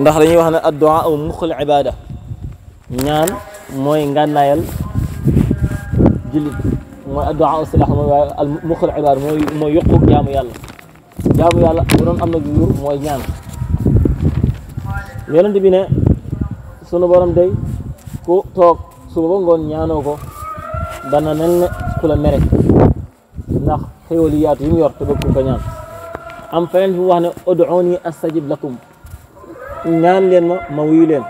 ndax dañuy wax ne addu'a aw muxul ibada ñaan mooy ngànnaayal jullit mooy addu'a aw silax mooy waaye al muxul mooy mooy jaamu yàlla jaamu yàlla bu am na gi yuur mooy ñaan yonent bi ne sunu borom day ku toog suba ba ngoon ñaanoo ko dana mel ne ndax xéwal yi yaatu yi mu yor ñaan am feneen fi wax ne ud'uuni astajib lakum نان لين ما موي لين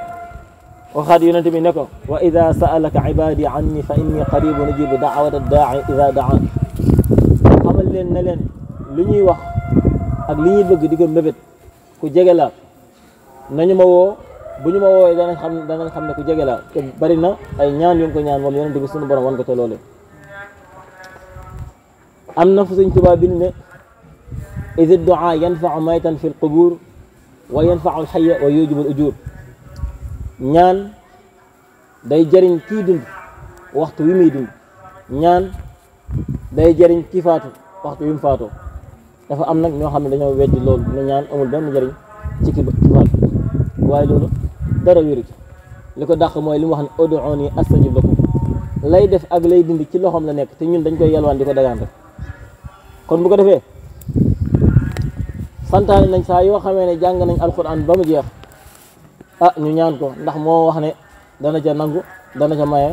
وخاد يونتي نكو واذا سالك عبادي عني فاني قريب نجيب دعوه الداعي اذا دعان خمل لين نلين لي ني واخ اك لي ني بëgg ديغم مبيت كو جيغلا ناني ما وو بو ني ما وو دا نخم دا نخم كو جيغلا بارينا اي نان يون كو نان مول يونتي بي سونو بروم وان كو تي لولي امنا فسن توبا اذا الدعاء ينفع ميتا في القبور wa yanfaul xaya wa yujibul ujur ñaan day jëriñ kii dund waxtu wi muy dund ñaan day jëriñ kii faatu waxtu wi mu faatoo dafa am nag ñoo xam ne dañoo weddi loolu ne ñaan amul benn jëriñ ci ki faatu waaye loolu dara wéru li ko dàq mooy li mu wax ne ud'uuni astajib lakum lay def ak lay dindi ci loxoom la nekk te ñun dañ koy yalwaan di ko dagaan rek kon bu ko santane nañ sa yo xamé né jang nañ alquran bamu jeex ah ñu ñaan ko ndax mo wax né dana ca nangu dana ca maye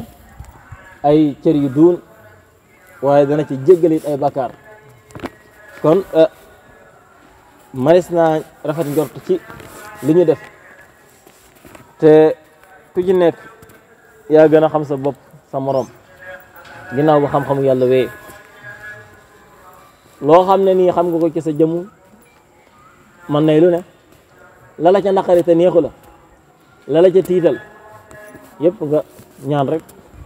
ay cër yu duun waye dana ci jéggalit ay bakar. kon ah, manis naa rafet njort ci li ñu def té ku ci nekk ya gëna xam sa bop sa morom ginaaw bu xam-xamu yalla wé lo xamné ni xam nga ko ci sa jëmu man nay lu ne la la ca naqari te neexu la la la ca tiital yëpp nga ñaan rek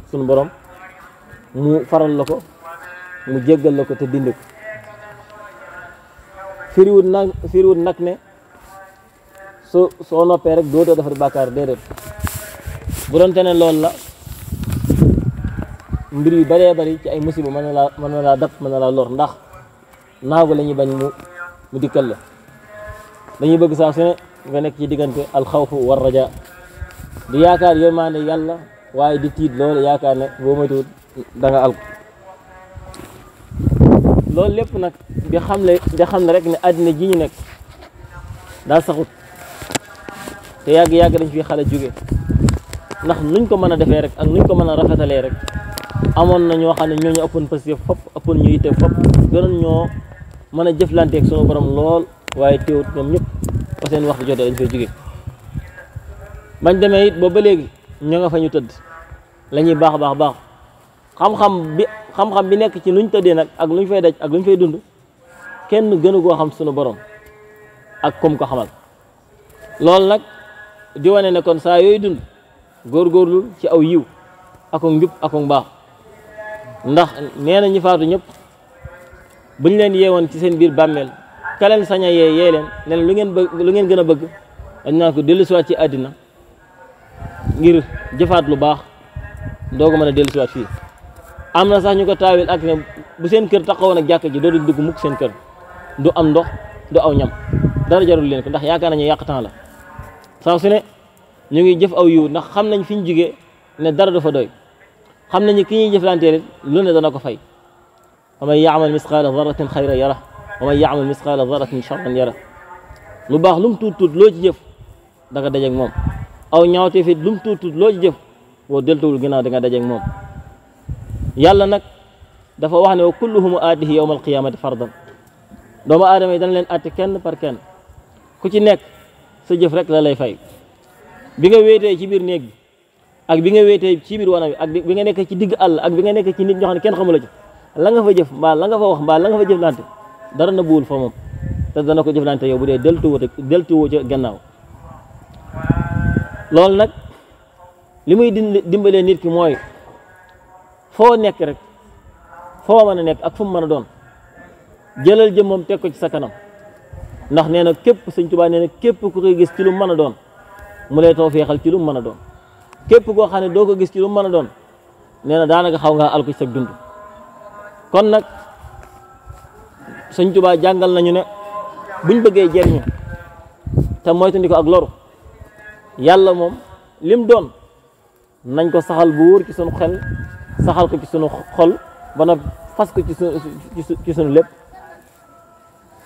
sunu borom mu faral la ko mu jéggal la ko te dindi ko firiwut nag nag ne su soo noppee rek dootoo defar bàkkaar déedéet bu doonte ne loolu la mbir yu bëree bëri ci ay musiba ma na laa mën na laa dab mën na laa lor ndax naago la ñuy bañ mu mu dikkal la dañuy bëgg saa su nga nekk ci diggante alxawfu war raja di yaakaar yërmaande yàlla waaye di tiit loolu yaakaar ne boo moytuwul da nga alku loolu lépp nag di xam le di xam ne rek ne àddina ji nekk daa saxut te yàgg-yàgg dañ fi xale jóge ndax nuñ ko mën a defee rek ak nuñ ko mën a rafetalee rek amoon na ñoo xam ne ñoo ñu ëppoon pasif fop ëppoon ñu yitte fop gënoon ñoo mën a jëflanteeg sunu borom lool waaye teewut ñoom ñëpp ba seen waxtu jotee dañ fay jóge bañ demee it boobu ba léegi ña nga fa ñu tëdd la ñuy baax baax baax xam-xam bi xam-xam bi nekk ci nuñ tëddee nag ak luñ fay daj ak luñ fay dund kenn gënu koo xam sunu borom ak kum ko xamal loolu nag di wane ne kon saa yooyu dund góorgóorlu ci aw yiw ak njub ak mbaax ndax nee na ñi faatu ñëpp buñ leen yeewoon ci seen biir bàmmeel ka leen sañ a yee yee leen ne lu ngeen bëgg lu ngeen gën a bëgg dañ naa ko dellusiwaat ci àddina ngir jëfaat lu baax doogu mën a dellusiwaat fii am na sax ñu ko taawil ak bu seen kër taxawoon ak jàkk ji doo dugg mukk seen kër du am ndox du aw ñam dara jarul leen ko ndax yaakaar nañu yàq temps la saa su ne ñu ngi jëf aw yiw ndax xam nañ fi ñu jugee ne dara du fa doy xam nañ ki ñuy jëflanteel lu ne dana ko fay wa man yaamal misqaala darratin xayra yara wa man yaamal misqaala daratin sharran yara lu baax lu tuut tuut loo ci jëf da nga moom aw ñaawtee fit lu mu tuut tuut loo ci jëf boo deltuwul ginnaaw da nga dajeeg moom yàlla nag dafa wax ne wa kulluhum aatihi yowma alqiyamati fardan doomu aadama yi dañ leen atti kenn par kenn ku ci nekk sa jëf rek la lay fay bi nga wéetee ci biir néeg bi ak bi nga wéetee ci biir wanam bi ak bi nga nekk ci digg àll ak bi nga nekk ci nit ñoo xam ne kenn xamula ci la nga fa jëf mbaa la nga fa wax mbaa la nga fa jëf lante dara na buwul fa moom te dana ko jëflante yow bu dee deltuwoo deltuwoo ca gannaaw loolu nag li muy dimbalee nit ki mooy foo nekk rek foo man a nekk ak fu mu mën a doon jëlal moom teg ko ci sa kanam ndax nee na képp sëñ Tuubaa nee képp ku koy gis ci lu mën a doon mu lay too feexal ci lu mën a doon képp koo xam ne doo ko gis ci lu mën a doon nee na daanaka xaw ngaa alko sa dund kon nag sëñ Tuubaa jàngal nañu ne buñ bëggee jëriñu te moytandi ko ak loru yàlla moom lim doon nañ ko saxal buur ci sunu xel saxal ko ci sunu xol ba na fas ko ci sunu ci sunu lépp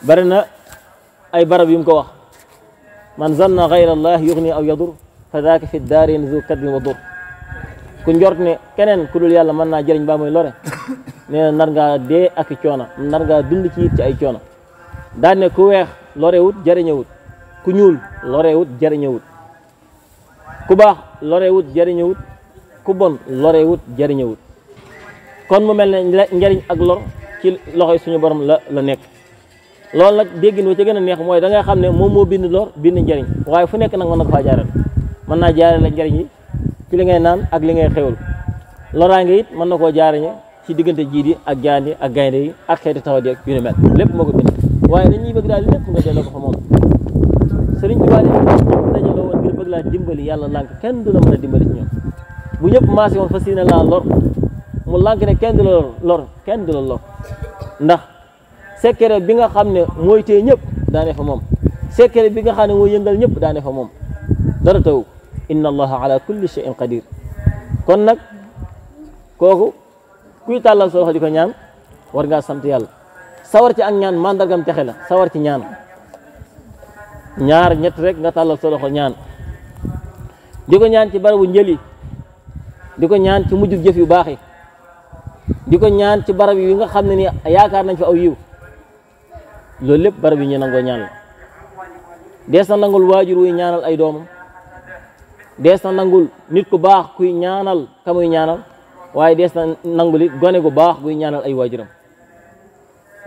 bari na ay barab yu ko wax man zanna gayra allah yugni aw yadur fa daaka fi daarin zu kadbin wa dur ku njort ne keneen ku dul yàlla mën naa jëriñ baa mooy lore nee na nar ngaa dee ak coono nar ngaa dund ci it ci ay coono daan ku weex lorewut jariñewut ku ñuul lorewut jariñewut ku baax lore lorewut jariñewut ku bon lorewut jariñewut kon mu mel ne njariñ ak lor ci loxoy suñu borom la la nekk loolu nag déggin wa ci gën a neex mooy da nga xam ne moom moo bind lor bind njariñ waaye fu nekk nag mën na ko faa jaarale mën naa jaarale njariñ yi ci li ngay naan ak li ngay xewul loraange it mën na koo jaariñe ci diggante jiit yi ak jaan yi ak gaynde yi ak xeeti taxaw di ak yu ne mel lépp moo ko waaye dañuy bëgg daal lépp nga delloo ko fa moom sëriñ Tuubaa ne dimbali yàlla lànk kenn du la mën a dimbali ci ñoom bu ñëpp maasé woon fas yéene laa lor mu lànk ne kenn du la lor ndax secret bi nga xam ne mooy téye ñëpp daane fa moom secret bi nga xam ne mooy yëngal ñëpp daane fa moom dara taw inna allaha ala kulli shay'in qadir kon nag kooku kuy talal sa loxo di ko ñaan war nga sant yalla sawar ci ak ñaan mandargam taxé la sawar ci ñaan ñaar ñet rek nga talal sa loxo ñaan di ñaan ci barabu di ñaan ci mujjug jëf yu baxé diko di ñaan ci barab yi nga xamné ni yaakar nañ fa aw yiw lool lepp barab yi ñu ñaan la na nangul wajur wi ñaanal ay doom desa na nangul nit ku bax kuy ñaanal kamuy ñaanal waye dees na nangul it gone gu bax guy ñaanal ay wajuram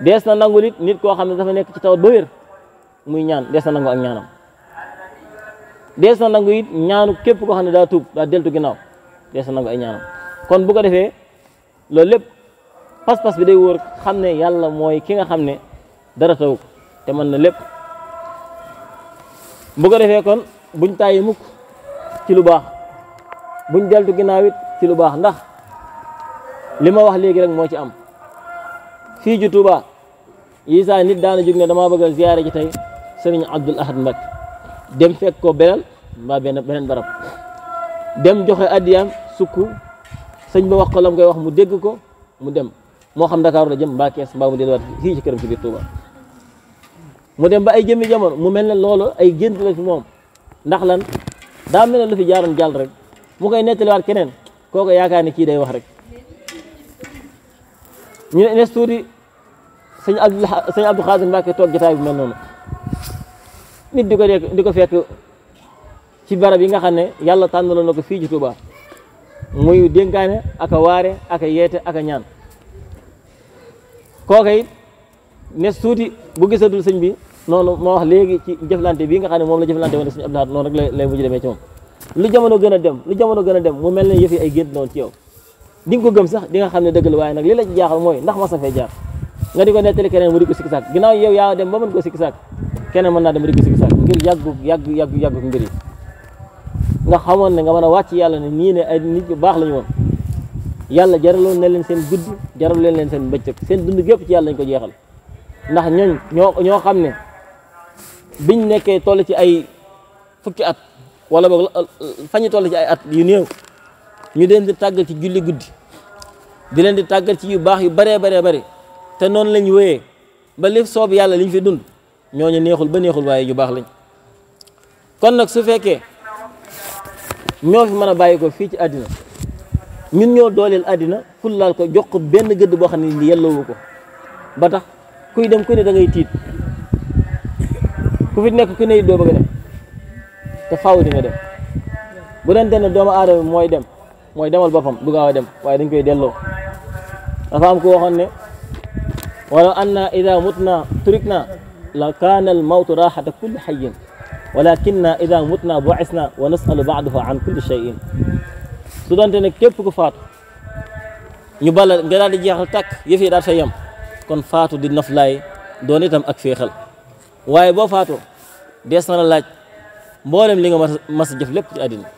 dees na nangul it nit ko xamne ne dafa nek ci taw ba muy ñaan dees na nangu ak ñaanam dees na nangu ñaanu kep ko xamne da daa da deltu ginaaw na ay ñaanam kon bu ko lo loolu lepp pas-pas bi day wor xamne yalla moy ki nga xamne dara taw te man na lepp bu ko defé kon buñ muk mukk ci lu kenawit buñ deltu ci lu bax ndax li ma wax léegi rek moo ci am fii ju Tuuba yi saa nit daana jóg ne dama bëgg a ziyaare ji tey sëriñ Abdul Ahad Mbacké dem fekk ko belal mbaa beneen barab dem joxe addiyaam sukku sëñ ba wax ko lam koy wax mu dégg ko mu dem moo xam Dakaaru la jëm mbaa kees mbaa mu delluwaat fii kër këram ci biir Tuuba mu dem ba ay jëmmi jamono mu mel na loolo ay gént la fi moom ndax lan daa mel ne lu fi jaaroon jàll rek mu koy nettaliwaat keneen kooku yaakaar ne kii day wax rek ñu ne ines tuuti sëñ Abdou sëñ Abdou Xaadir Mbàkke toog jotaay bu mel noonu nit di ko dee di ko fekk ci barab yi nga xam ne yàlla tànnaloon na ko fii ci Tuubaa muy dénkaane ak a waare ak a yeete ak ñaan kooka it nes tuuti bu gisatul sëñ bi noonu moo wax léegi ci jëflante nga xam ne moom la jëflante woon sëñ Abdou Xaadir noonu rek lay mujj demee ci moom lu jamono gën a dem lu jamono gën a dem mu mel ne yëf ay gént noonu ci yow di ko gëm sax di nga xam ne dëgg la waaye nag li la ci jaaxal mooy ndax mas a fee jaar nga di ko nettali keneen mu di ko sikki sàkk ginnaaw yow yaa dem ba mën koo sikki sàkk keneen mën naa dem di ko ngir yàggu yàggu nga xamoon ne nga mën a wàcc yàlla ne nii ne ay nit yu baax la ñu woon yàlla jaraloon na leen seen gudd jaraloon leen seen bëccëg seen dund gépp ci yàlla lañ ko jeexal ndax ñooñ ñoo ñoo xam ne biñ nekkee toll ci ay fukki at wala boog fañu toll ci ay at yu néew ñu den di tàggal ci julli guddi di leen di tàggat ci yu baax yu baree baree bëri te noonu lañ wéyee ba li soob yàlla liñ fi dund ñooñu neexul ba neexul waaye yu baax lañ kon nag su fekkee ñoo fi mën a bàyyi ko fii ci àddina ñun ñoo dooleel àddina fullaal ko jox ko benn gëdd boo xam ne yelloowu ko ba tax kuy dem ku ne da tiit ku fi nekk ku ne doo bëgg dem te faw di nga dem bu doon ne doomu aadama mooy dem. mooy demal boppam du gaaw a dem waaye dañ koy delloo dafa am ku waxoon ne walaw anna ida mutna turikna la kaana al mawtu raaxata kulli xayin walakinna ida mutna buisna wa nasalu baadahu an kulli cheyin su doonte ne képp ku faatu ñu bala nga daal di jeexal tàkk yëf yi daal sa yem kon faatu di noflaay doon itam ak féexal waaye boo faatoo dees na la laaj mboolem li nga mas mas jëf lépp ci àddina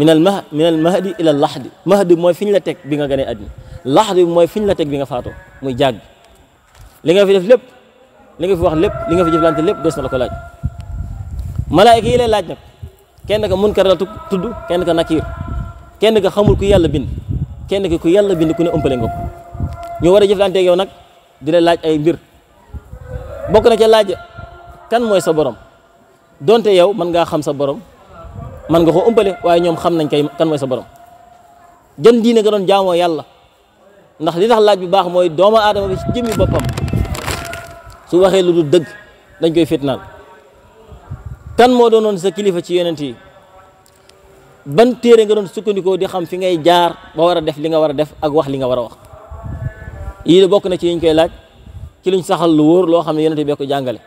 من المه من المهدي الى اللحد مهد موي فين لا تك بيغا غاني ادني لحد موي فين لا تك بيغا فاتو موي جاغ ليغا في ديف ليب ليغا في واخ ليب ليغا في ديف لانت ليب ديس نلاكو لاج ملائكه يي لاج نك كين كا منكر لا تود كين كا نكير كين كا خمول كو يالا بين كين كا كو يالا بين كو ني امبلي ني ورا ديف لانت يو نك دي لاج اي مير بوك نا لاج كان موي سا بوروم دونتي يو من غا خم سا بوروم man nga koo ëmpale waaye ñoom xam nañ kay kan mooy sa borom jën diine nga doon jaamoo yàlla ndax li tax laaj bi baax mooy doomu aadama bi ci jëmmi boppam su waxee lu dul dëgg dañ koy fitnaal kan moo doonoon sa kilifa ci yeneen yi ban téere nga doon sukkandikoo di xam fi ngay jaar ba war a def li nga war a def ak wax li nga war a wax yii de bokk na ci yiñ koy laaj ci luñ saxal lu wóor loo xam ne yonent bi ko jàngale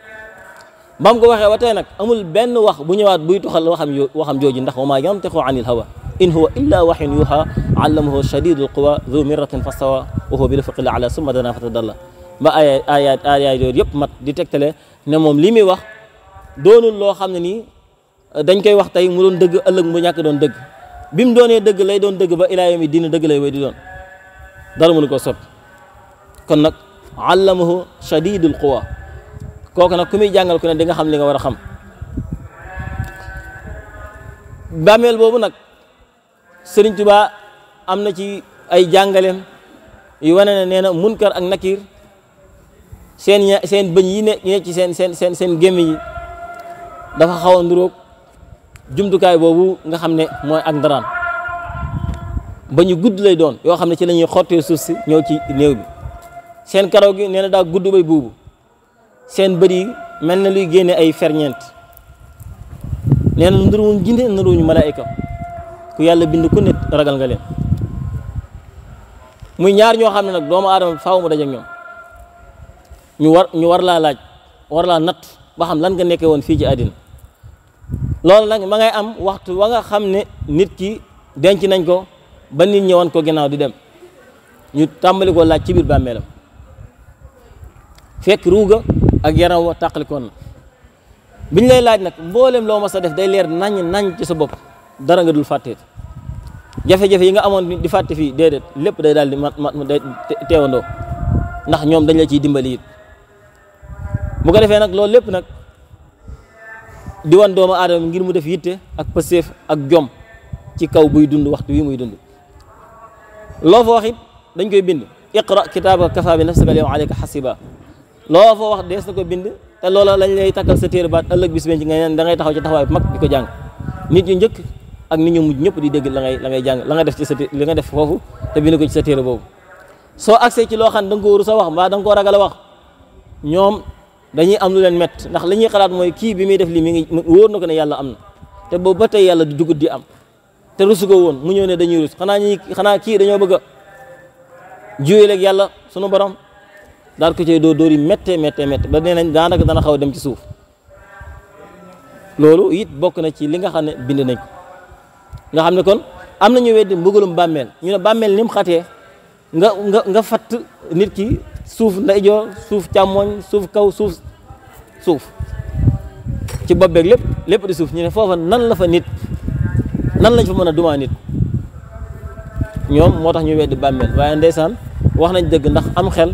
bam ko waxe watay nak amul ben wax bu ñewat buy tuxal waxam waxam joji ndax wama maa anil hawa in huwa illa waxyun yuha allamahu shadidul quwa dhu miratin fastawa wa huwa bil faqil ala summa dana fatadalla ba ay ayaat ayaat yooyu yëpp mat di tektale ne mom limi wax donul lo xam ni dañ koy wax tay mu don deug ëllëg mu ñak don deug bim doone deug lay don deug ba ila yami din deug lay way di don dara mënu ko sot kon nak allamahu shadidul quwa kooku nag ku muy jàngal ku ne di nga xam li nga war a xam bàmmeel boobu nag Sëriñ Tuba am na ci ay jàngaleem yu wane na nee na munkar ak nakiir seen seen bëñ yi ne ci seen seen seen seen gémmiñ dafa xaw a jumtukaay boobu nga xam ne mooy ak ndaraan bañ gudd lay doon yoo xam ne ci lañuy ñuy xottee suuf si ñëw ci néew bi seen karaw gi na daa gudd bay buubu seen bët yi mel na luy génne ay ferñeent nee na nduruwuñ jinde nduruwuñ malaika ku yalla bind ku nit ragal nga len muy ñaar ño xam nak doomu adam faaw mu dajak ñom ñu war ñu war la laaj war la nat ba xam lan nga nekké won fi ci lool nak ma ngay am waxtu wa nga nit ki denc nañ ko ba nit ñewon ko ginaaw di dem ñu tambali ko laaj ci bir bamélam fekk ruuga ak yaram wa tàqalikoon na biñ lay laaj nag mboolem loo mas a def day leer nañ nañ ci sa bopp dara nga dul jafe-jafe yi nga di fàtte fi déedéet lep day dal di mat mat day te ndax ñoom dañ la ciy dimbali bu ko defee nag loolu lépp nag di wan doomu aadama ngir mu def yitte ak pasif ak jom ci kaw buy dund waxtu wi muy dund lo fa wax it dañ koy bind iqra kitaabaka kafa bi nafsika al yawma alayka hasiba loo fa wax dees na ko te loola lañ lay takkal sa téere baat ëllëg bis benn ci nga neen da ngay taxaw ci taxawaay bu mag di ko jàng nit ñu njëkk ak nit ñu mujj ñëpp di dégg la ngay la ngay jàng la nga def ci sa li nga def foofu te bind ko ci sa téere boobu soo accès ci loo xam ne da ko wóoru sa wax mbaa da nga koo ragal a wax ñoom dañuy am lu leen mett ndax li ñuy xalaat mooy kii bi muy def lii mi ngi wóor na ko ne yàlla am na te boobu ba tey yàlla di dugut di am te rusu ko woon mu ñëw ne dañuy rus xanaa ñi xanaa kii dañoo bëgg a juyeeleeg yàlla sunu borom daal ko cee doo dóor yi méttee méttee méttee ba nee nañ daanaka a dem ci suuf loolu it bokk na ci li nga xam ne bind nañ ko nga xam ne kon am nañu weddi mbugalum bàmmeel ñu ne bàmmeel ni mu xatee nga nga nga fatt nit ki suuf ndeyjoor suuf càmmoñ suuf kaw suuf suuf ci bopp beeg lépp lépp di suuf ñu ne foofa nan la fa nit nan lañ fa mën a dumaa nit ñoom moo tax ñu weddi bàmmeel waaye ndeysaan wax nañ dëgg ndax am xel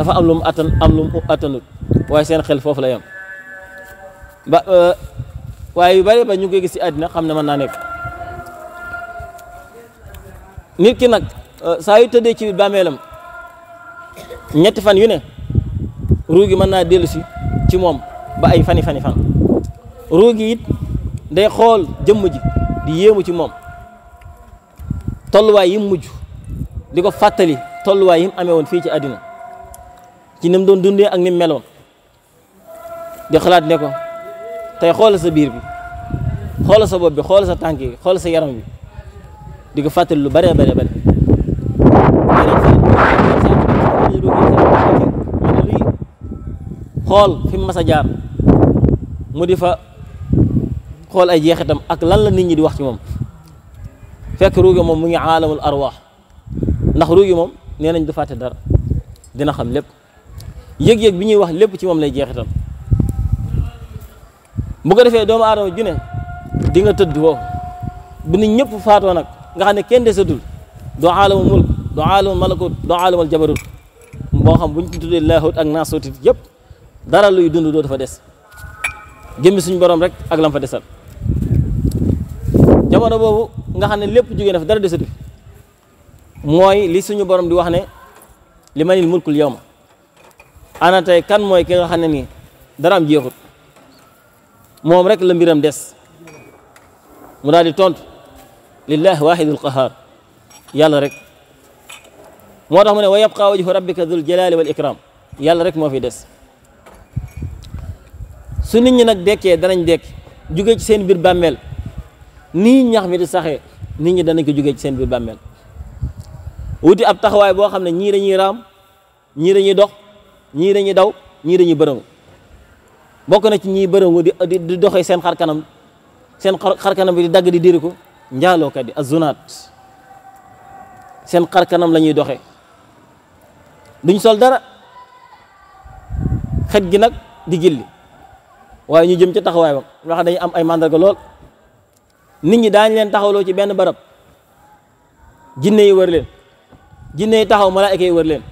دافا ام لوم اتان ام لوم اتانوت واي سين خيل فوف لا يام با واي يو باري با نيو كيغي سي ادنا خامنا مانا نيك نيت كي ناك سا يو تدي سي باميلام نيت فان يو ني روغي مانا ديلو سي تي موم با اي فاني فاني فان روغي يت داي خول جيم جي دي ييمو تي موم تولواي يم مجو ديكو فاتالي تولواي يم اميون في تي ادنا ci nim doon dundé ak nim mu meloon di xalaat ne ko tay xol sa biir bi xol sa bob bi xol sa tanki xol sa yaram bi di ko fatel lu bare bare bare xol fi ma sa jaar mu di fa xool ay jeexitam ak lan la nit ñi di wax ci mom fekk ruugi mom mu ngi alamul arwah ndax ruugi mom nee du fàtte dara dina xam lépp. yëg-yëg bi ñuy wax lépp ci moom lay jeexital bu ko defee doomu aadama ju ne di nga tëdd woo bu nit ñëpp faatoo nag nga xam ne kenn desatul doo aalamu mulk doo aalamu malakut doo aalamal jabarut boo xam buñ ci tuddee laahut ak naasutit yëpp dara luy dund doo dafa des jëmmi suñu borom rek ak lam fa desal jamono boobu nga xam ne lépp jógee na dara dese desatu mooy li suñu borom di wax ne li manil mulkul yawma ana tey kan mooy ki nga xam ne nii daraam jeexut moom rek la mbiram des mu daal di tontu lillahi wahidul qahar yàlla rek moo tax mu ne wa yabqa wajhu rabbika dul jalali wal ikram yàlla rek moo fi des su nit ñi nag dekke danañ dekk jugee ci seen biir bàmmeel nii ñax mi di saxe nit ñi danañ ko jugee ci seen biir bàmmeel wuti ab taxawaay boo xam ne ñii dañuy raam ñii dañuy dox ñii dañuy daw ñii dañuy bërëngu bokk na ci ñii bërëngu di di seen xarkanam seen xar bi di dagg di diri ko njaalookat yi azunaat seen xarkanam kanam la ñuy doxee duñ sol dara xet gi nag di gilli waaye ñu jëm ci taxawaay ba nga xam dañu am ay màndarga lool nit ñi daañ leen taxaw taxawloo ci benn barab jinne yi wër leen jinne yi taxaw malaayka yi wër leen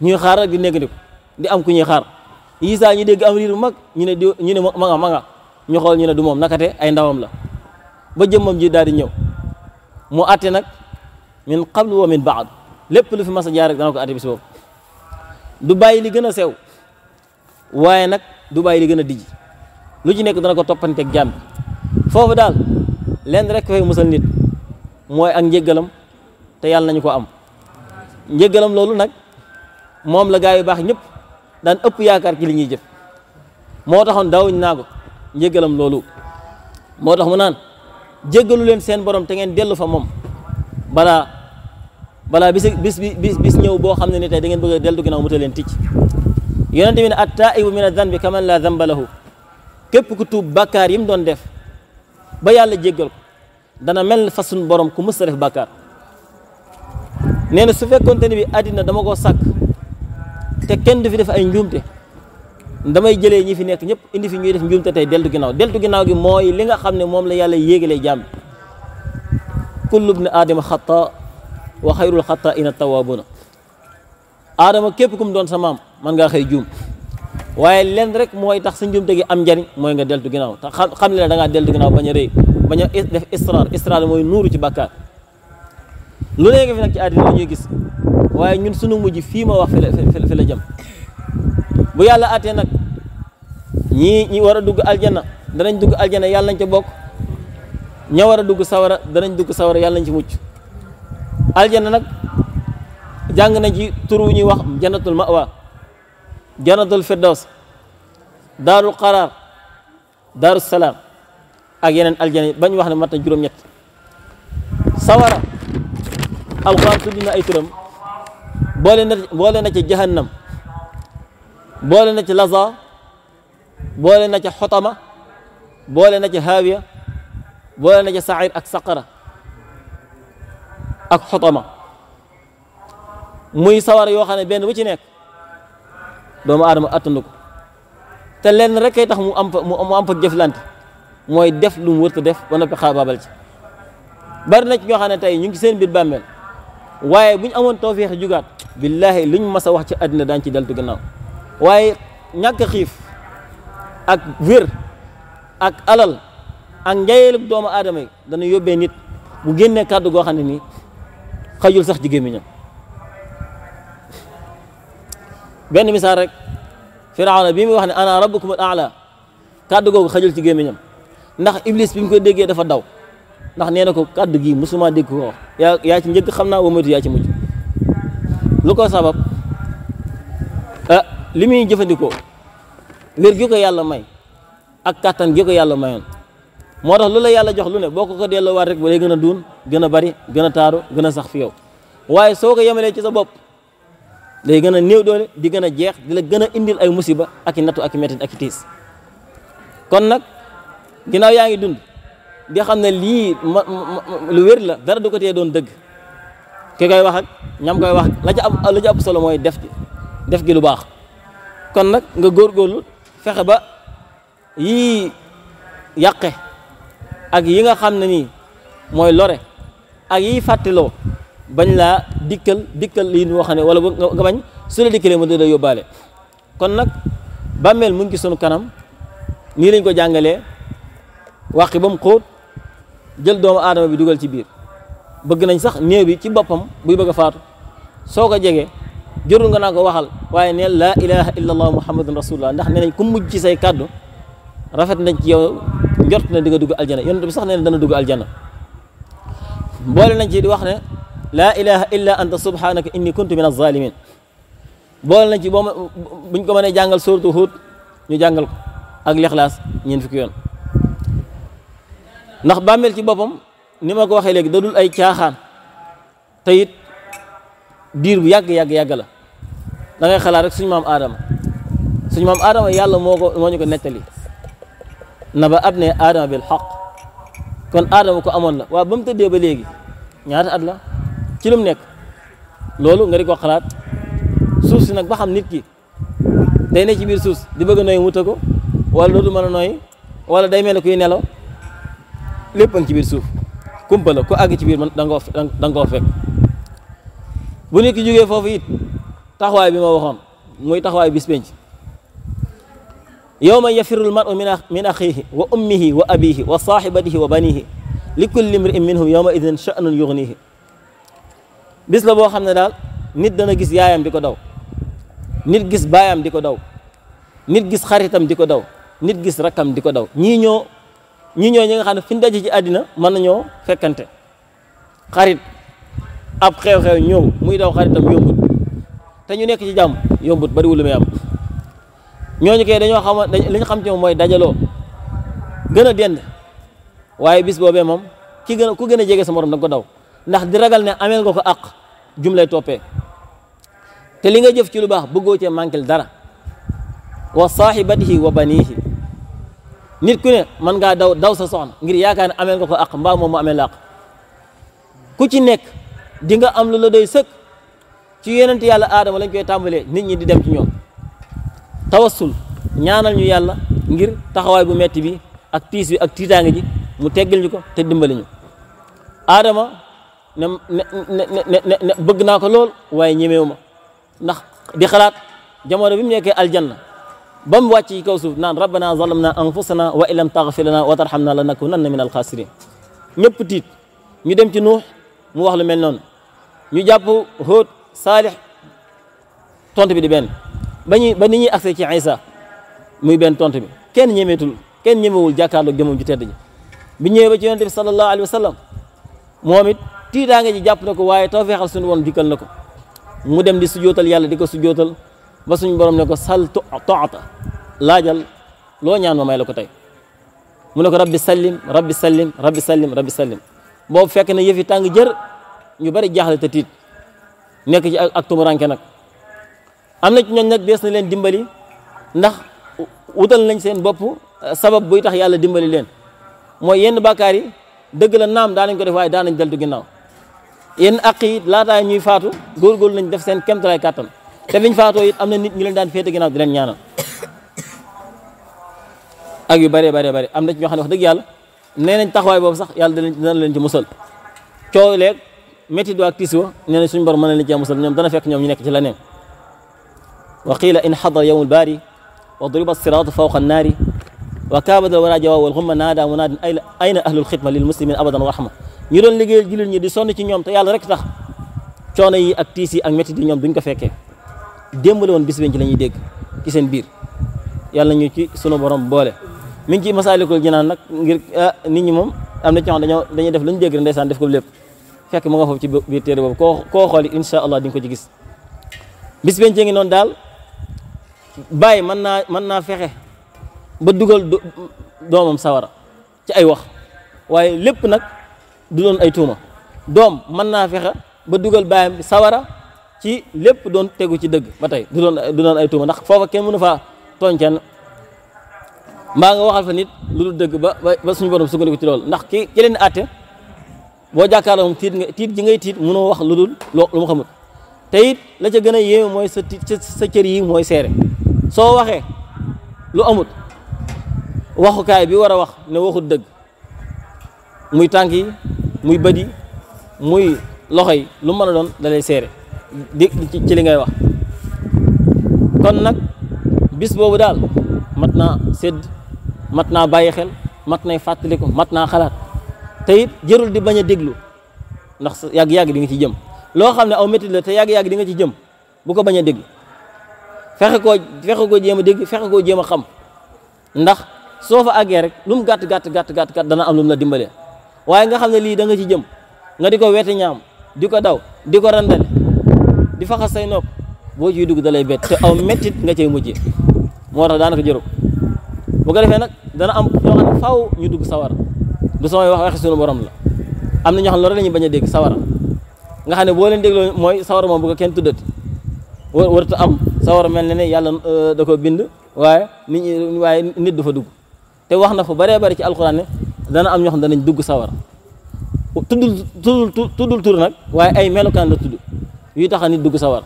ñuy xaar di nekk di di am ku ñuy xaar Isa ñu dégg am riir bu mag ñu ne di ñu ne ma nga ñu xool ñu ne du moom nakate ay ndawam la ba jëmmam ji daal di ñëw mu atte nag min qablu woo min baad lépp lu fi mas a jaar rek dana ko àtte bis bàyyi li gën a sew waaye nag du bàyyi li gën a dijji lu ci nekk dana ko toppanteeg jàmm foofu daal lenn rek fay musal nit mooy ak njëggalam te yàlla nañu ko am njëggalam loolu nag moom la gaa yu baax ñëpp daan ëpp yaakaar ci li ñuy jëf moo taxoon daawuñ naa ko njéggalam loolu moo tax mu naan jéggalu leen seen borom te ngeen dellu fa moom balaa balaa bis bis bis bis ñëw boo xam ne ni tey da ngeen bëgg a dellu ginnaaw mu ta leen ticc yonent bi ne at taibu min adanbi kaman la damba képp ku tuub bàkkaar yi mu doon def ba yàlla jéggal dana mel fasun borom ku mës a def bàkkaar nee na su fekkonte ne bi àddina dama ko sàkk te kenn du fi def ay njuumte damay jëlee ñi fi nekk ñëpp indi fi ñuy def njuumte tay deltu ginaaw deltu ginaaw gi moy li nga xam mom la yalla yéegalee jamm kullu bni adam khata wa xayrul xata ina tawwabun adam képp kum doon sa mam man nga xey jum waye len rek moy tax sa njuumte gi am njariñ moy nga deltu ginaaw tax xam la da nga deltu ginaaw baña reey baña def israr israr moy nuru ci bakkar lu nee nga fi nag ci àddina la ñuy gis waaye ñun sunu mujj fii ma wax fi la fi la jëm bu yàlla àttee nag ñii ñi war a dugg aljanna danañ dugg aljanna yàlla ca bokk ña war a dugg sawara danañ dugg sawara yàlla ci mucc aljanna nag jàng nañ ci tur wu ñuy wax jannatul mawa jannatul firdaws daarul qaraar daarus salaam ak yeneen aljana bañ wax ne mat na juróom-ñett sawara alxuraan tudd na ay turam boole na boole na ci jahannam boole na ci laza boole na ci xotama boole na ci haawiya boole na ci saxiir ak saqara ak xotama muy sawar yoo xam ne benn bu ci nekk doomu aadama attanu ko te lenn rek kay tax mu am fa mu am fa jëflante mooy def lu mu wërta def ba noppi xaabaabal ci bari na ci ñoo xam ne tey ñu ngi seen biir bàmmeel waye buñ amone tawfiq jugat billahi luñ massa wax ci adina dañ ci daltu gannaaw waye ñak xif ak wér ak alal ak njayeelug doomu adamay dañu yobé nit bu génné kàddu go xamni ne xajul sax jigeemi ñam ben misal rek firawna bi muy wax ne ana rabbukum al aala kàddu googu xajul ci gémmiñam ndax iblis bi mu koy déggee dafa daw ndax nee na ko kàddu gi musuma dégg ko wax yaa yaa ci njëkk xam naa wamatu yaa mujj lu ko sabab ah li muy jëfandikoo wér gi ko yàlla may ak kàttan gi ko yàlla mayoon moo tax lu la yàlla jox lu ne boo ko ko delloowaat rek ba day gën a duun gën a bari gën a taaru gën a sax fi yow waaye soo ko yemalee ci sa bopp day gën a néew doole di gën a jeex di la gën a indil ay musiba ak i nattu ak i ak tiis kon nag ginnaaw yaa ngi dund di xam na lii ma lu wér la dara du ko tee doon dëgg ki koy wax ak ñam koy wax la ca ab solo mooy def gi def gi lu baax kon nag nga góor góorgóorlu fexe ba yii yàqe ak yi nga xam na nii mooy lore ak yiy fàttaloo bañ laa dikkal dikkal lii moo xam ne wala nga bañ su la dikkalee mu da yóbbaale kon nag bàmmeel mu ngi ci sunu kanam nii lañ ko jàngalee wàqi ba mu xóot jël doomu aadama bi dugal ci biir bëgg nañ sax néew bi ci boppam buy bëgg a faatu soo ko jege jërul nga naa ko waxal waaye neen laa ilaha illa allah muhammadun rasulullah ndax nee nañ ku mujj ci say kàddu rafet nañ ci yow njort na di nga dugg aljana yonent bi sax nee na dana dugg aljana boole nañ ci di wax ne la ilaha illa anta subhanaka inni kuntu min azalimin boole nañ ci boo buñ ko mënee jàngal suratu Hud ñu jàngal ko ak lixlaas ñeen fukki yoon ndax bàmmeel ci boppam ni ma ko waxee léegi dadul ay caaxaan te it diir bu yàgg yàgg yàgg la da ngay xalaat rek suñu maam aadama suñu maam aadama yàlla moo ko moo ñu ko nettali na ba ab ne aadama bil xaq kon aadama ko amoon la waaw ba mu tëddee ba léegi ñaata at la ci lu mu nekk loolu nga di ko xalaat suuf si nag ba nit ki day ne ci biir suuf di bëgg a nooy wuta ko wala dootu mën a nooy wala day mel ne kuy nelaw lépp a ngi ci biir suuf kumpa la ku àgg ci biir man da nga koo da nga koo fekk bu nit ki jógee foofu it taxawaay bi ma waxoon muy taxawaay bis penc yawma yafirul mar'u min axiihi wa ummihi wa abiihi wa saaxibatihi wa baniihi li kulli imri'in minhum yawma idin sha'nun yughniihi bis la boo xam ne daal nit dana gis yaayam di ko daw nit gis baayam di ko daw nit gis xaritam di ko daw nit gis rakkam di ko daw ñii ñoo ñi ñooy ñi nga xam ne fi ñu daje ci àddina mën nañoo fekkente xarit ab xew-xew ñëw muy daw xaritam yombut te ñu nekk ci jàmm yombut bariwul lu muy am ñooñu kay dañoo xam li xam ci moom mooy dajaloo gën a dend waaye bis boobee moom ki gën a ku gën a jege sa morom ko daw ndax di ragal ne ameel nga ko àq jum lay toppee te li nga jëf ci lu baax bëggoo cee manquel dara wa saaxibatihi wa banihi nit ku ne mën ngaa daw daw sa soxna ngir yaakaar ne amee nga ko àq mbaa moom mu amee la àq ku ci nekk di nga am lu la doy sëkk ci yonent yàlla aadama lañ koy tàmbalee nit ñi di dem ci ñoom tawassul ñaanal ñu yàlla ngir taxawaay bu metti bi ak tiis bi ak tiitaange ji mu teggal ñu ko te dimbali ñu aadama ne ne bëgg naa ko lool waaye ñemewu ma ndax di xalaat jamono bi mu nekkee aljanna بام واتي كوسوف نان ربنا ظلمنا انفسنا وان لم تغفر لنا وترحمنا لنكونن من الخاسرين نيب تيت ني ديم تي نوح مو واخ لو مل نون ني جاب هود صالح تونت بي دي بن با ني با ني اكسي تي عيسى موي بن تونت بي كين نيميتول كين نيميوول جاكارلو جيموم جي تيد بي نيوي با تي يونت صلى الله عليه وسلم موميت تي داغي جي جاب نكو واي توفيخال سون وون ديكل نكو مو ديم دي سجوتال يالا ديكو سجوتال ba suñ borom ne ko sal toata laajal loo ñaan ma may la ko tey mu ne ko rabbi sallim rabbi sallim rabbi sallim rabbi sallim boobu fekk na yëf yi tàng jër ñu bari jaaxle te nekk ci ak tumuranke nag am na ci nag dees na leen dimbali ndax wutal nañ seen bopp euh, sabab buy tax yàlla dimbali leen mooy yenn bàkkaar yi dëgg la naam daanañ ko def waaye daanañ deltu ginnaaw yenn àq yi laataa ñuy faatu góor góor lañ def seen kemtalaay kàttan سيرين فاتو يت أمن نيت نيلن دان فيت جينا دين يانا أجي باري باري باري أمن نيت يوحنا خدك يال نين تخو أي بوسخ يال دين دين لين جمسل شو ليك متي دو أكتيسو نين سوين برمان لين جمسل نيم دنا فيك نيم ينك تلانين وقيل إن حضر يوم الباري وضرب الصراط فوق النار وكابد الورى جوا والغم نادى مناد أين أهل الخدمة للمسلمين أبدا ورحمة يرون لجيل جيل يدسون تي تيال ركتخ شو نيي أكتيسي أن متي دي نيوم دون démb la woon bis benn ci la ñuy dégg ci seen biir yalla ñu ci sunu borom boole. mi ngi ci masaalikul jinaan nag ngir ah nit ñi moom am na ci xam dañoo dañuy def lu ñu dégg rek ndeysaan def ko lépp fekk mu nga foofu ci biir téere boobu koo koo xool incha allah di ko ci gis. bis benn ci ngi noonu daal bàyyi mën naa mën naa fexe ba dugal doomam sawara ci ay wax waaye lépp nag du doon ay tuuma doom mën naa fexe ba dugal sawara. ci lépp doon tegu ci dëgg ba tey du doon du ay tuuma ndax foofa kenn mënu faa tooñ kenn mbaa nga waxal fa nit lu dul dëgg ba suñu borom sukkandiku ci loolu ndax ki ki leen àtte boo jàkkaarloo moom tiit nga tiit ji ngay tiit mënoo wax lu dul loo lu mu xamul te la ca gën a yéeme mooy sa cër yi mooy seere soo waxee lu amut waxukaay bi war a wax ne waxut dëgg muy tànk yi muy bët muy loxo yi lu mën a doon da lay seere di ci li ngay wax kon nag bis boobu daal mat naa sedd mat naa bàyyi xel mat nay fàttaliku mat naa xalaat te it jërul di bañ a déglu ndax yàgg-yàgg di nga ci jëm loo xam ne aw métti la te yàgg-yàgg di nga ci jëm bu ko bañ a déglu fexe koo fexe koo jéem a dégg fexe koo jéem a xam ndax soo fa àggee rek lu mu gàtt gàtt gàtt gàtt gàtt dana am lu la dimbalee waaye nga xam ne lii danga ci jëm nga di ko weti ñaam di ko daw di ko randale di faxas say nopp boo ciy dugg dalay lay bett te aw mettit nga cay mujjee moo tax daanaka jëru bu ko defee nag dana am ñoo ñu dugg sawara du samay wax waxi sunu la am na loolu la bañ a dégg sawara nga xam ne boo leen dégloo mooy sawara moom bu kenn tuddati warta am sawara mel ne ne yàlla euh, da ko bind waaye nit ñi waaye nit du dugg te wax na fa baree bari ci alxuraan dana am ñoo danañ dugg sawara tuddul tuddul tuddul tur nag waaye ay melukaan la tudd yu taxa nit dugg sawar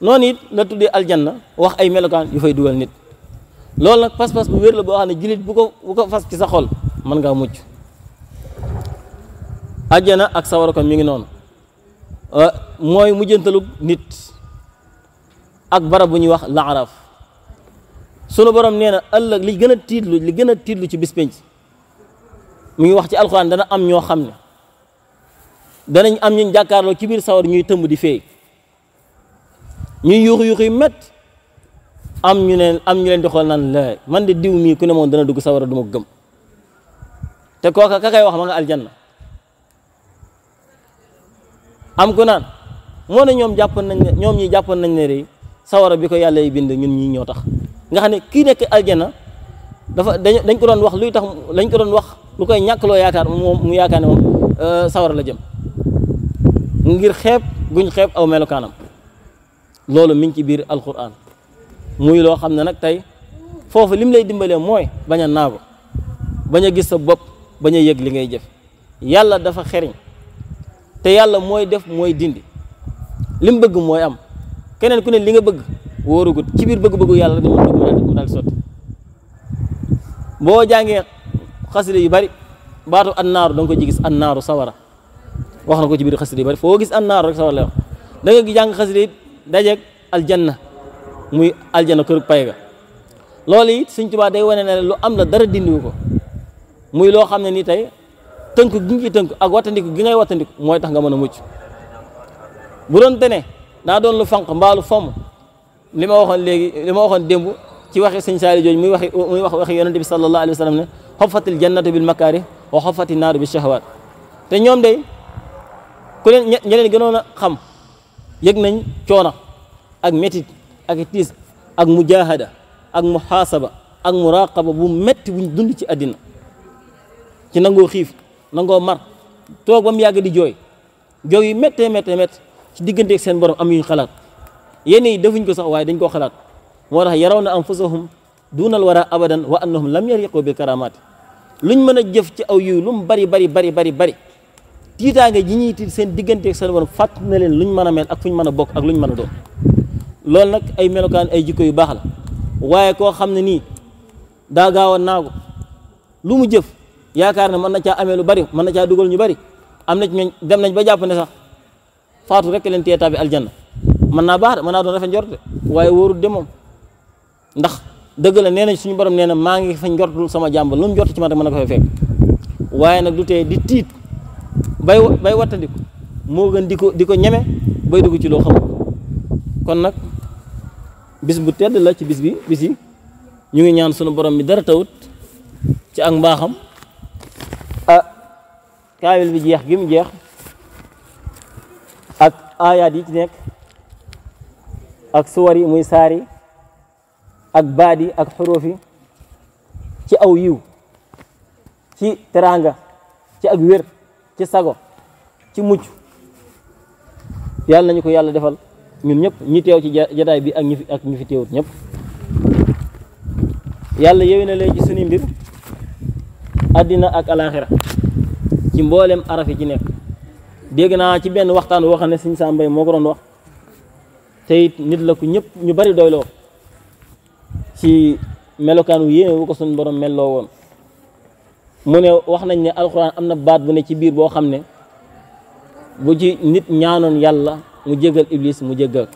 noonu it la wah aljanna wax ay melokan yu fay dugal nit loolu nak pas-pas bu wér la bo xam ne bu ko bu ko fas ci sa xol man nga mucc ak sawar ko mi ngi noonu moy nit ak barab bu ñu wax laaraaf sunu borom neena na ëllëg li gëna ti li gëna ci mi ngi wax ci alquran dana am ño xamne danañ am ñun jàkkaarloo ci biir sawar ñuy tëmb di feey ñuy yuuxu yuuxu yu mett am ñu ne am ñu leen di naan la man de diw mii ku ne moom dana dugg sawara du ma gëm te kooka ka kay wax ma nga aljanna am ku naan moo ne ñoom jàppoon nañ ne ñoom ñi jàppoon nañ ne rek sawara bi ko yàlla yi bind ñun ñii ñoo tax nga xam ne kii nekk aljanna dafa dañ ko doon wax luy tax dañ ko doon wax lu koy ñàkkloo yaakaar moom mu yaakaar ne moom euh, sawara la jëm ngir xeeb guñ xeeb aw melokaanam loolu mi ci biir alquran muy loo xam ne nag tey foofu lim lay dimbalee mooy bañ a naagu bañ a gis sa bopp bañ a yëg li ngay jëf yàlla dafa xeriñ te yàlla mooy def mooy dindi lim bëgg mooy am keneen ku ne li nga bëgg wóorugut ci biir bëgg-bëggu yàlla rek nga mën daal sotti boo jàngee xasida yu bari baatu annaaru da nga ko ci gis annaaru sawara wax na ko ci biir xasida yi bari foo gis annaaru rek sawar lay wax da nga jàng xasida yi dajeeg aljanna muy aljanna kër pay ga loolu it Sëñ Tuubaa day wane ne lu am la dara dindiwu ko muy loo xam ne nii tey tënk gi ngi tënk ak wattandiku gi ngay wattandiku mooy tax nga mën a mucc bu doon tene daa doon lu fanq mbaalu fomm li ma waxoon léegi li ma waxoon démb ci waxi sëñ saali jooju muy wax muy wax waxi yonente bi sallallahu alayhi wa sallam ne xofatil jannatu bil makaari wa xofati naaru bi shahawaat te ku leen ña xam yëg nañ coona ak métit ak tiis ak mujahada ak muhaasaba ak muraqaba bu metti buñ dund ci àddina ci nangoo xiif nangoo mar toog ba mu yàgg di jooy jooy yu méttee méttee métt ci digganteeg seen borom am yuñ xalaat yenn yi defuñ ko sax waaye dañ koo xalaat moo tax yaraw na anfusahum duunal wara abadan wa annahum lam yariqu bi karamaati luñ mën a jëf ci aw yiw lu mu bari bari bari bari bari tiitaange ji ñuy tiit seen digganteeg seen borom fàtt na leen luñ mën a mel ak fuñ mën a bokk ak luñ mën a doon loolu nag ay melokaan ay jikko yu baax la waaye koo xam ne nii daa gaaw a naagu lu mu jëf yaakaar ne mën na caa amee lu bari mën na caa dugal ñu bari am na ci dem nañ ba jàpp ne sax faatu rek leen téye tàbbi aljanna mën naa baax de mën naa doon rafet njort de waaye wóorut de moom ndax dëgg la nee nañ suñu borom nee na maa ngi fa njortul sama jàmb lu mu ci man rek mën na ko fay waaye nag du tee di tiit bay bay watandiko mo gën diko diko, ñëmé bay dugg ci lo xam kon nak bis bu tedd la ci bis bi bis yi ñu ngi ñaan suñu borom mi dara tawut ci ak mbaxam ah kaamil bi jeex gi mu jeex ak ayat yi ci nek ak suwari muy sari ak badi ak hurufi ci aw yiw ci teranga ci ak ci sago ci mucc yàlla nañu ko yàlla defal ñun ñëpp ñi teew ci jataay bi ak ñi fi ak ñi fi teewut ñëpp yàlla yéwénalee ci suñu mbir àddina ak alaaxira ci mboolem araf yi ci nekk dégg naa ci benn waxtaan woo xam ne Sëñ Sam Mbaye moo ko doon wax te nit la ko ñëpp ñu bari doyloo ci melokaan wu yéeme wu ko suñu borom melloo woon mu ne wax nañ ne alxuraan am na baat bu ne ci biir boo xam ne bu ci nit ñaanoon yàlla mu jégal iblis mu jégal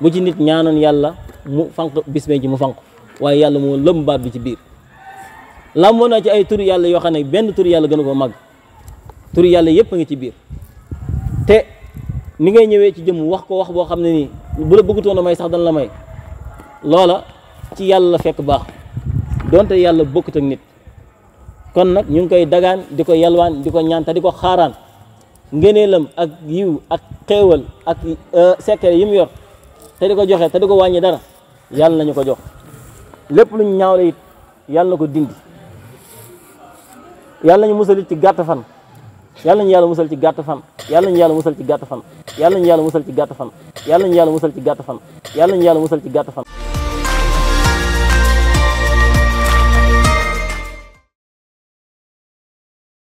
bu ci nit ñaanoon yàlla mu fanq bismee ji mu fanq waaye yàlla moo lëm baat bi ci biir làmboo na ci ay tur yàlla yoo xam ne benn tur yàlla gën a ko màgg tur yàlla yëpp a ngi ci biir te ni ngay ñëwee ci jëm wax ko wax boo xam ne nii bu la bëggutoon a may sax dana la may loola ci yàlla la fekk baax donte yàlla bokkut ak nit kon nak ñu ngi koy dagaan di ko yalwaan di ko ñaanta di xaaraan ngëneelam ak yiw ak xewal ak e, secret yi mu yor te diko joxe te diko wañi dara Yal nañu ko jox lepp luñ ñaawle it yal nako dindi Yal nañu musal ci gatt fan Yal nañu yalla musal ci gatt fan yàlla nañu yalla musal ci gatt fan yàlla nañu yalla musal ci gatt fan yàlla nañu yalla musal ci gatt fan yàlla nañu yalla musal ci gatt fan